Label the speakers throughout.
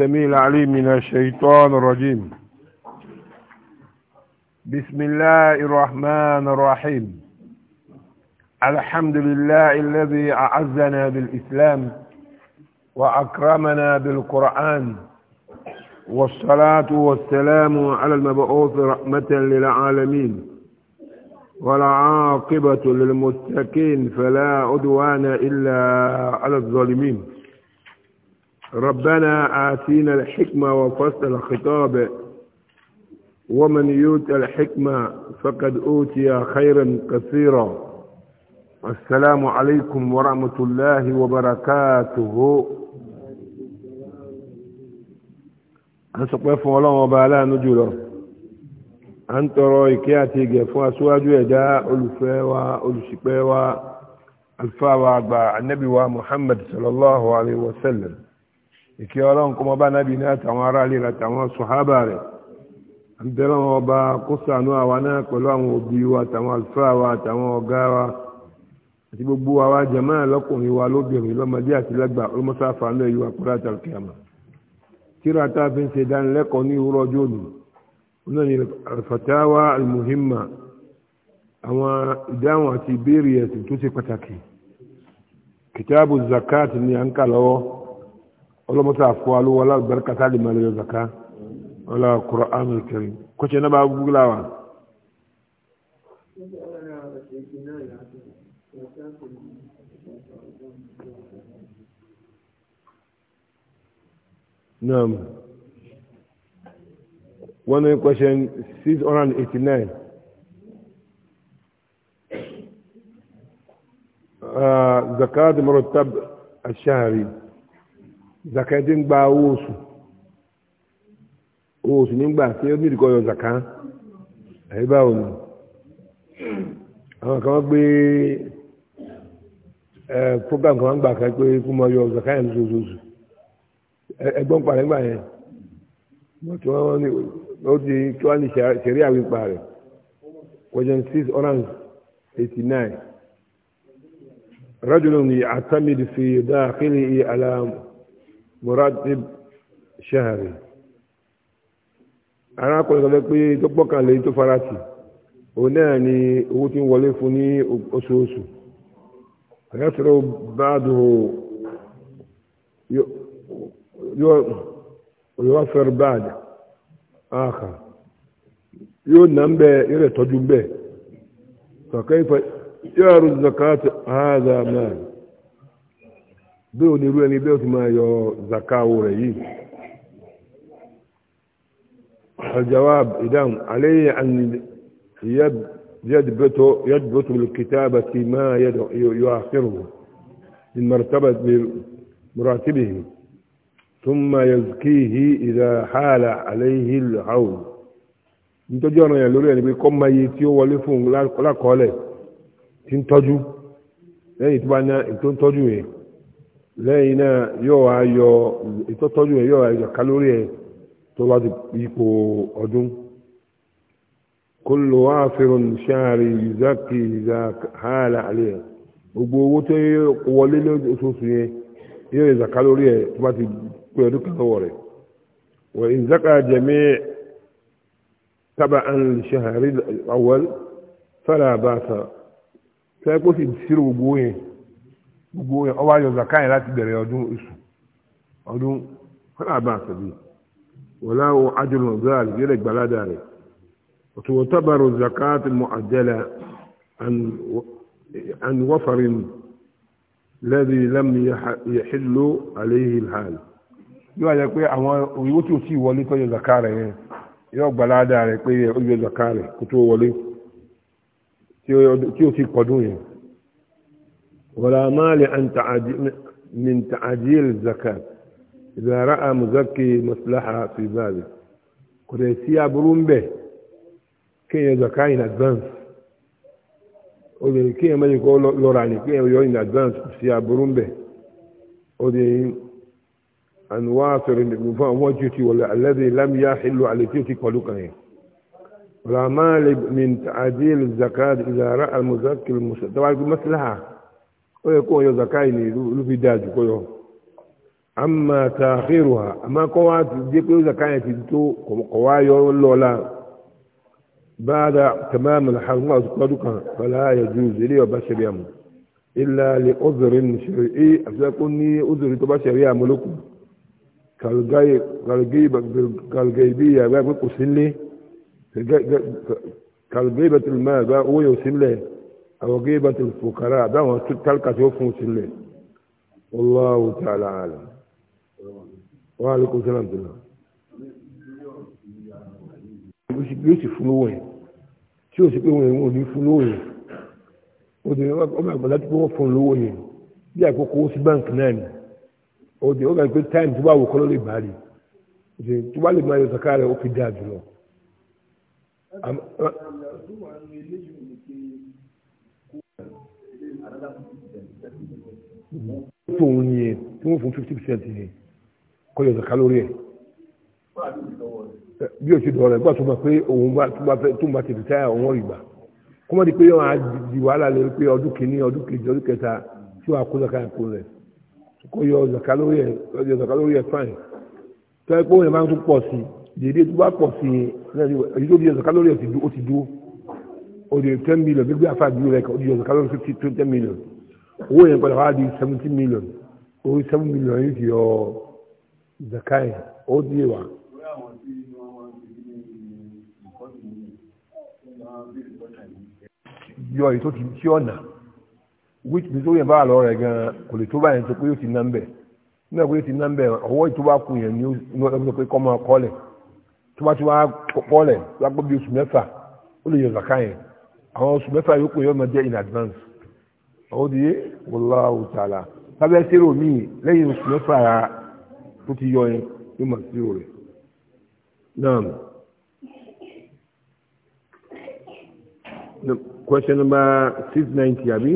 Speaker 1: السميع العليم من الشيطان الرجيم بسم الله الرحمن الرحيم الحمد لله الذي أعزنا بالإسلام وأكرمنا بالقرآن والصلاة والسلام على المبعوث رحمة للعالمين والعاقبة للمتقين فلا عدوان إلا على الظالمين ربنا آتينا الحكمة وفصل الخطاب ومن يؤت الحكمة فقد أوتي خيرا كثيرا السلام عليكم ورحمة الله وبركاته أنسق فون الله وبالا نجولا أن ترى إكياتي فون أسواج يدا ألفاوى ألشقاوى الفاوى النبي ومحمد صلى الله عليه وسلم ìkẹ́ ọlọ́run kó mọ́ bá nábì ní àtàwọn aráàlú rẹ̀ àtàwọn sọ̀hábà rẹ̀ àbẹ̀rẹ̀ wọn ọba kó ṣàánú àwa náà pẹ̀lú àwọn òbí wa àtàwọn àlùfáà wa àtàwọn ọ̀gá wa àti gbogbo àwa jàmáà lọ́kùnrin wa lóbìnrin lọ́mọdé àti lágbà olùmọ́sáfà náà yìí wà kúrò àtàlùkìyàmà tíra tá a fi ń ṣe ìdánilẹ́kọ̀ọ́ ní ìwúrọ̀ ọjọ́ òní ìdáhùn àti ìbéèrè ẹ̀sìn tó ṣe pàtàkì kìtàbù zakat ni à ń kà lọ́wọ́ ọlọ́mọta àfọwálú wọlá bẹ̀rẹ̀kátà lè máa lọ́yọ̀ zaka wọlá Qur'an al-Karim kọ́chẹ́ náà bá gúgúlá wa. Naam. One question 689. آه زكاة مرتب الشهري zaka ẹ ti ń gba owó oṣù owó oṣù nígbà tí ó ní ìdíkọ̀ yọ zaka àyè báwo ni àwọn kan gbé ẹ program kan gbà kan pé kó máa yọ zaka yẹn lóṣooṣù ẹgbọ́n parẹ́ gbà yẹn wọ́n ti wọ́n ní ó ti kí wọ́n ní ṣẹ̀rí àwọn ipa rẹ̀ question six orange eighty nine rajulun ya'tamid fi dakhilihi ala murad shahari arákùnrin kan fẹ́ pé tó pọ́kànlé tó farati òun náà ni owó tí ń wọlé fún ní oṣooṣù àyàtúrò báàdù yóò fẹ́rẹ̀ báàdù àkà yóò nà ń bẹ yóò rẹ̀ tọ́jú ń bẹ kàkẹ́ ìfẹ́ yóò rú zakat hàdà mẹ́rin bí onírú ẹni bẹ́ẹ̀ ti máa yọ zakawo rẹ̀ yìí aljawab idan alayhi an يدبته يدبت بالكتابة ما يؤخره من مرتبة مراتبه ثم يزكيه إذا حال عليه العون nítọ́jú ọ̀ràn yẹn lórí ẹni pé kọ́ máa yẹ tí ó wọlé fún lákọọ́lẹ̀ tí ń tọ́jú lẹ́yìn tó bá ní tó ń tọ́jú yẹn lẹ́yìn náà yóò wá yọ ìtọ́tọ́jú ẹ̀ yóò wá yọ kálórì ẹ̀ tó bá ti ipò ọdún kullu wáfẹ́rún ṣáàrí yuzaki hàlà àlẹ́ ẹ̀ gbogbo owó tó wọlé lóṣooṣù yẹn yóò yọ kálórì ẹ̀ tó bá ti pé ọdún kan lọ́wọ́ rẹ̀ wà ìzákà jẹ̀mí tábà án ṣáàrí awọ́l fẹ́rẹ̀ àbáṣà fẹ́ kó sì ṣírò gbogbo yẹn gbogbo ọwọ́ ayọ̀ zaka yẹn láti bẹ̀rẹ̀ ọdún oṣù ọdún fún àbá àtẹ̀bí wọlá o ajọlọ zaal yẹlẹ gbalada rẹ ọtọwọ tabaru zakat mu ajẹlẹ an wafarin lẹbi lam yaxilu aleyhi hal yóò yẹ pé àwọn òyìnbó tí o sì wọlé kọjọ zaka rẹ yẹn yóò gbalada rẹ pé o yọ zaka rẹ kó tó wọlé tí o sì kọdún yẹn. ولا مال أن تعجيل من تعجيل الزكاة إذا رأى مزكي مصلحة في ذلك كريسيا برون به كي يزكاة in advance o de kí ẹ má yẹ kó lọ́ra ni kí ẹ yọ in advance sí aburú ń bẹ̀ o de anuwa fẹ̀rẹ̀ nìkan fún àwọn tí o ti wọlé alẹ́dẹ̀ lámìyá ìlú alẹ́ tí o ti kọlu kan yẹn wàlámà lè min àdéhùn zakat ìzàrà àmúzákìlì mùsùlùmí tàbí maslaha ó yẹ kó wọn yọ zaka yìí ní ìlú olúfi dáa jù kó yọ àmà tààkìrù ha àmà kọ́ wa ti dé pé zaka yẹn ti tó kọ̀ wá yọ lọ́la báadà tẹ̀mẹ́ mọ̀láhàrú wọn àti kọ́dún kan bala yẹ ju ilé ọba ṣẹlẹ̀ àmọ́ ilà lè ọ̀zọ̀rẹ̀ nìṣẹ̀rẹ̀ ẹ̀ àti sẹ́kọ́ ní ọ̀zọ̀rẹ̀ tó bá ṣẹlẹ̀ àmọ́ lókun kalgaibiya ba ko kusin ne kalgaibatul ma ba wayo sin àwọn géèbà tó fòkàrà àbáwọn tálkà tó fún sílẹ̀ wallahu ta'ala alam wa alaikum salam àbúrò yóò sì fún lówó yẹn tí ó sì pé wọn ò ní fún lówó yẹn ó di ọmọ àgbàlá tó wọ́n fún lówó yẹn bí àkókò sí báńkì náà ni ó di ọgbà pé táìmù tó bá wò kọ́ lè bá rí tó bá lè máa yọ sàkárẹ̀ ó fi dáa jùlọ. fóun ní yẹn tí wọ́n fún fifty percent yẹn kọ́ yọ̀ọ̀sẹ̀ kálórì ẹ̀ bí o ti dọ̀rọ̀ ẹ̀ gbà tó ma pé òun bá tó ma fẹ́ tó ma tètè táyà òun rí gbà kó má di pé yọ̀ọ̀ di wàhálà lórí pé ọdún kìíní ọdún kejì ọdún kẹta tí wàá kó zaka kó rẹ̀ kó yọ zaka lórí ẹ̀ yọ zaka lórí ẹ̀ fáìn tó ẹ pé òun yẹn máa ń tún pọ̀ sí dèédé tó bá pọ̀ sí èyí tó di yọ zaka lórí ẹ̀ ti dúró ó ti dúró ó di ten million gbégbé àfáà bí rẹ̀ ó di yọ owó yẹn padà wá di seventeen million orí seven million yìí ti yọ zakai ó di wa. yọ èyí tó ti tí ọ̀nà which means ó yẹn bá àlọ́ rẹ̀ gan-an kò lè tó báyẹn tó pé ó ti ná ń bẹ̀ nígbà pé ó ti ná ń bẹ̀ ọwọ́ ìtó bá kù yẹn ni ó sọ pé kọ́ máa kọ́lẹ̀ tó bá ti wá kọ́lẹ̀ lápò bí oṣù mẹ́fà ó lè yọ zakai yẹn àwọn oṣù mẹ́fà yòókù yóò máa jẹ́ in advance ó di wallahu ta'ala lábẹ́ sírò míì lẹ́yìn oṣù mẹ́fà tó ti yọ yẹn ló mọ̀ sírò rẹ̀ náà. question number six ninety àbí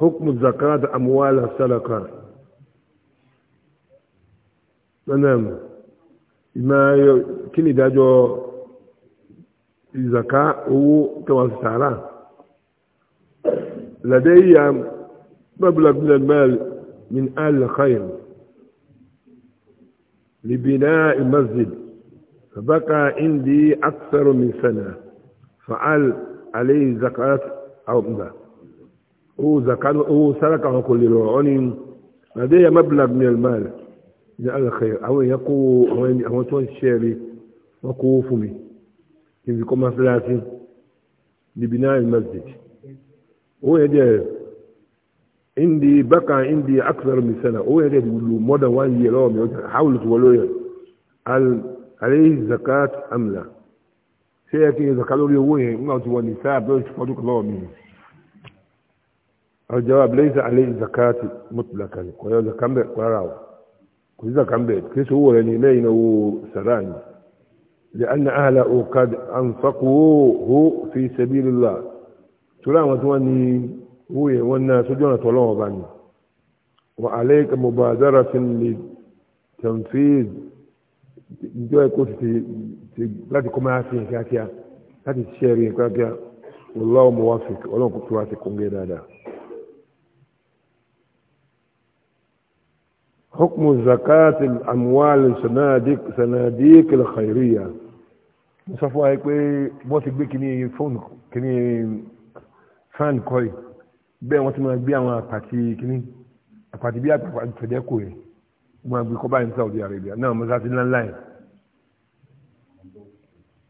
Speaker 1: hukmu zakat amwal salaka nanamu ìmọ̀ kí ni ìdájọ́ ìzàká owó tẹwàá sàárà. لدي مبلغ من المال من آل خير لبناء مسجد فبقى عندي أكثر من سنة فعل عليه زكاة أو لا هو زكاة هو سرقه كل العون لدي مبلغ من المال من آل خير أو يقو أو تون الشيري وقوفني كيف يكون مثلاتي لبناء المسجد هو يدي عندي بقى عندي أكثر من سنة هو يدي يقول له مدى وان يلوم حاول تقولوا هل عليه زكاة أم لا سيأتي زكاة لوري هو يقول له النساء بلوش فدوك الله منه الجواب ليس عليه زكاة مطلقا ويوزا كمبي قراو كوزا كمبي كيس هو ينينين سراني لأن أهله قد أنفقوه في سبيل الله torí àwọn tí wọ́n ní owó yẹn wọ́n ná sójú ọ̀nà tọ́lọ́ ọba ni wọ́n alẹ́ kà mubadara ti lè tẹ̀m̀fíìd ìjọ ẹ̀kọ́ ti ti láti kọ́ máa fi kíákíá láti ṣiṣẹ́ rí kíákíá wallahu muwafiq ọlọ́run kò tó wá sí kóńgé dáadáa. حكم زكاة الأموال الصناديق صناديق الخيرية mo sọ fún wa pé bó gbé kíní fóònù kíní fan kọ́ì bẹ́ẹ̀ wọ́n ti máa gbé àwọn àpàtì kìíní àpàtì bí àpàtì fẹ̀dẹ́kù yẹn wọ́n máa gbé kọ́bá ní Saudi Arabia náà mọ́sáàtì ńláńlá yẹn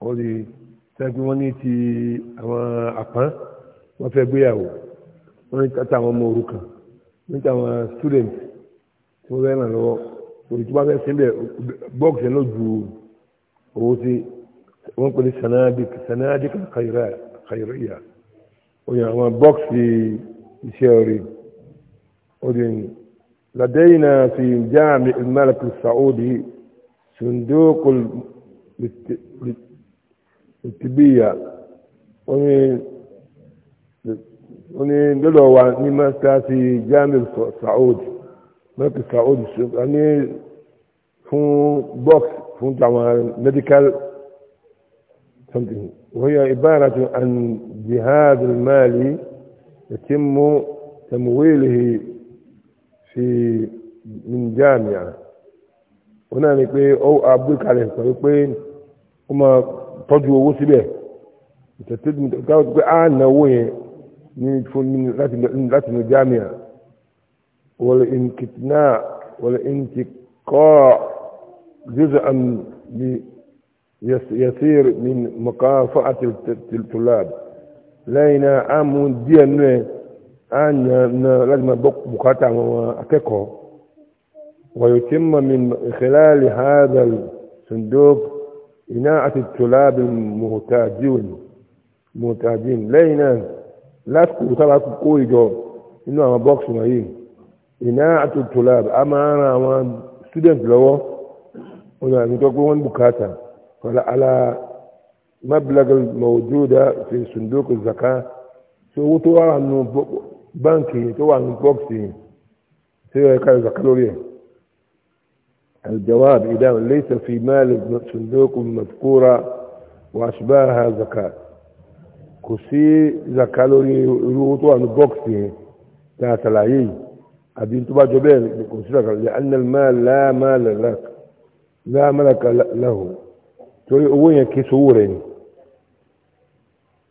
Speaker 1: ó di sẹ́gbẹ́ wọ́n ní ti àwọn àpán wọ́n fẹ́ gbéyàwó wọ́n ní tata àwọn ọmọ òrukàn wọ́n ní tata àwọn student tí wọ́n fẹ́ ràn lọ́wọ́ òrì tí wọ́n fẹ́ síbẹ̀ bọ́ọ̀sì yẹn ló ju owó sí wọ́n pè ní sanadik sanadik kàyíríyà oye àwọn bọ́ọ̀sì iṣẹ́ orí oye ni لدينا في جامع الملك السعودي صندوق الطبية oni lọ́dọ̀ wa ní mọ́sáàsì jami saudi mọ́kì saudi ní fún box fún tàwọn medical something وهي عبارة عن جهاد المال يتم تمويله في من جامعة هنا نقول أو أبوك عليه فيقول وما تجوا وسبه تتدم تقول أنا وين من لاتن الجامعة والانكتناء والانتقاء جزءا يسير من مكافأة الطلاب لينا أمون دينا أن لازم بكاتا وأكيكو ويتم من خلال هذا الصندوق إناعة الطلاب المهتاجون مهتاجين لينا لا تكون طبعا كوي جو إنه أما بوكس مهين إناعة الطلاب أما أنا أما ستودنت لو ولا نتوقع بكاتا على مبلغ الموجودة في صندوق الزكاة سو تو عنو بنكي تو عنو بوكسي سو كان زكالوريا الجواب إذا ليس في مال صندوق مذكورة وأشباهها زكاة كسي زكالوري تو عنو بوكسي تاتلاي أبي انتبه جبال كسي زكالوري لأن المال لا مال لك لا ملك له torí owó yẹn kì í sowó rẹ̀ ni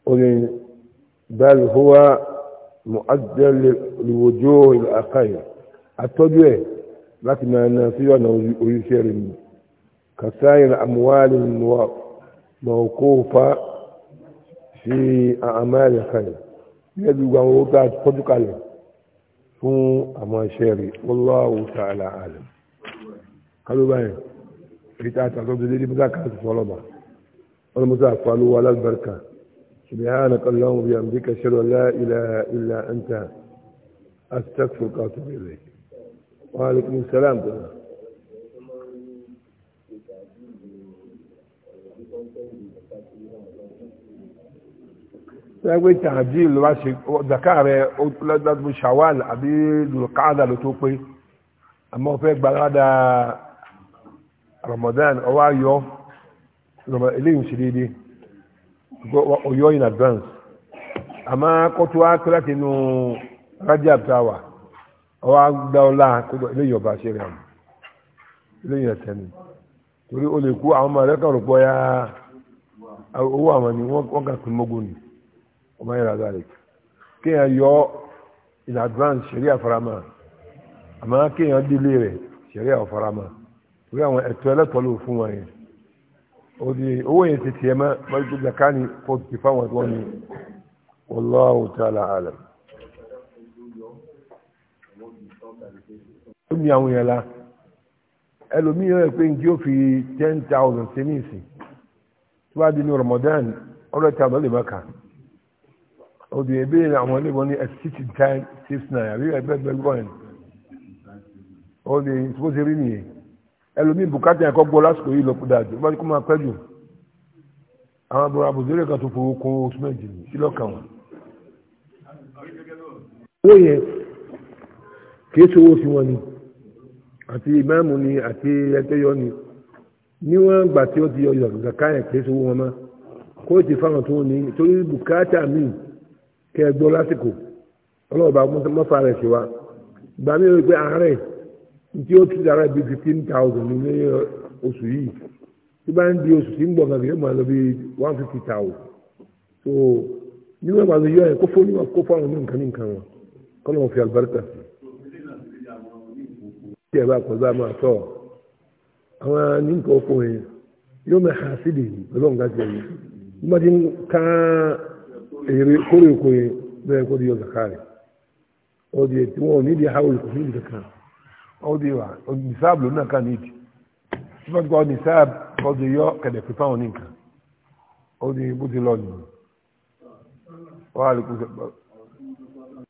Speaker 1: oye bẹ́ẹ̀ huwa mu'adda li wujuh al-akhayr atọ́jú ẹ̀ láti máa na sí ọ̀nà oríṣẹ́ rẹ̀ ni kasair amwali mawqufa fi a'mal al-khayr ní ẹbí gbogbo owó tó àtọ́jú kalẹ̀ fún àwọn iṣẹ́ rẹ̀ wallahu ta'ala alam kálọ́ báyìí ita ta zo da daidai ba za ka haka falo ba wani musa a falo wa lalbarka سبحانك اللهم وبحمدك اشهد ان لا اله الا انت استغفرك واتوب اليك وعليكم السلام sẹ́gbẹ́ tàbí ló bá ṣe zaka rẹ̀ lọ́dún shawal àbí lùkàdà ló tó pé àmọ́ fẹ́ gbàgádà Ramadan ọwọ́ ayọ́ eléyìí ṣe déédéé ọyọ́ in advance àmọ́ kótó wá pé láti inú Rajab àbútáwà ọwọ́ agbá ọlá kótó eléyìí ọba ṣe rẹ̀ àmọ́ eléyìí ẹ̀sẹ̀ ni torí o lè kú àwọn ọmọ rẹ̀ kàn rúpọ̀ ya owó àwọn ni wọ́n kà pín mógún ni ọmọ yẹn rà dáre kéèyàn yọ in advance ṣẹ̀rí àfaramọ́ àmọ́ kéèyàn délé rẹ̀ ṣẹ̀rí àfaramọ́ orí àwọn ẹ̀tọ́ ẹlẹ́tọ́ ló fún wọn yẹn ó di owó yẹn ti tiẹ̀ mọ́ wọ́n ti zaka ni kó ti fáwọn tó ní wallahu ta'ala alam. ó ní àwọn yẹn la ẹlòmíràn rẹ̀ pé njẹ́ ó fi ten thousand sí ní ìsìn tí wàá di ní Ramadan ọ̀rọ̀ ìta ló lè má kà ó di àwọn ilé ní ẹ̀ sixty times six nine àbí ẹgbẹ́ gbẹ́gbọ́n ó di ṣe rí nìyẹn ẹlòmíì bùkátà ẹ̀kọ́ gbọ́ lásìkò yìí lọ kúdà jù wọ́n kó máa pẹ́ jù àwọn àbúrò àbùzẹ́rẹ́ kan tó fowó kún oṣùmẹ̀jì sílọ̀ kan wọn. owó yẹn kìí ṣe owó sí wọn ni àti ìmáàmù ni àti ẹgbẹ́yọ ni níwọ̀n gbà tí ó ti yọ gàkà yẹn kìí ṣe owó wọn mọ́ kó ti fáwọn tó ní torí bùkátà míì kẹ́ ẹ gbọ́ lásìkò ọlọ́ọ̀bà mọ́fà rẹ̀ ṣe wa gbà mí rí pé àárẹ̀ nti o ti dara bi fifteen thousand ní oṣù yìí tí bá ń di oṣù tí ń bọ̀ gàgé ẹ̀ máa lọ bí one fifty thousand so níwọ̀n ìgbà tó yọ ẹ̀ kó fún níwọ̀n kó fún àwọn ní nǹkan ní nǹkan wọn kọ́nà wọn fi àlùbáríkà sí. tí ẹ bá kọ́ bá máa tọ̀ àwọn ní nǹkan ọkọ yẹn yóò mẹ ha sídìí pẹ̀lú ọ̀gá tiẹ̀ yìí bí wọ́n ti ń ká èrè kórè oko bẹ́ẹ̀ kó di ọ̀gá kárẹ̀ ọ̀dì ó di wa nisab ló náà kàn nídìí tí wọ́n ti kọ́ nisab ọdún yọ kẹ̀dẹ̀ pípa wọn nìkan ó di bó ti wọ́n á lè kó sọ